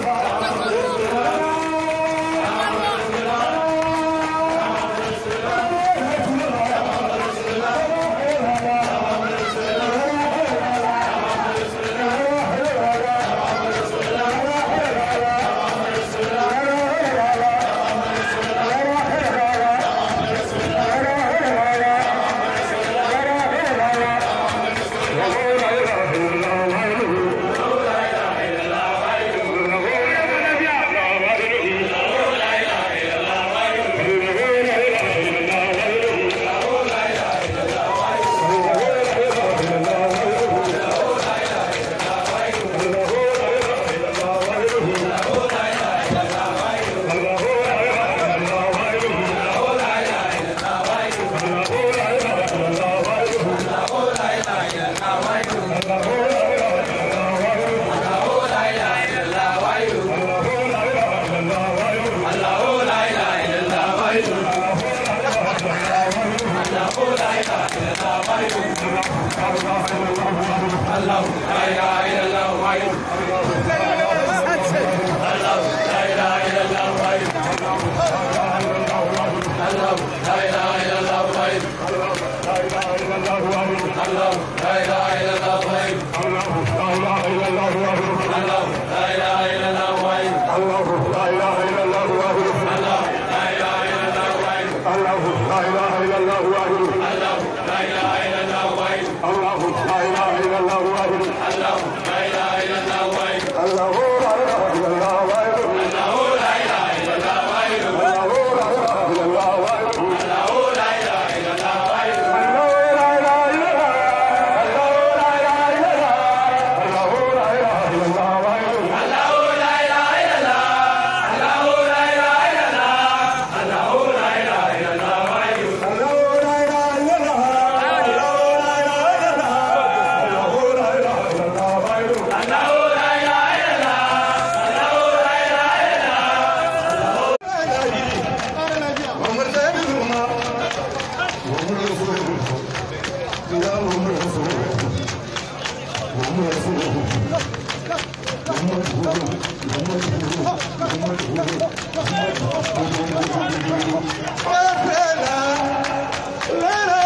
了。لا لا لا لا لا لا لا لا لا لا لا لا لا اله اله اله اله اله اله اله اله اله اله اله اله اله الا الا الا الا الا الا الا الا الا الا الا الا الا الله الله الله الله الله الله الله الله الله الله الله الله الله لا اله الا الله الله لا اله الا الله Let it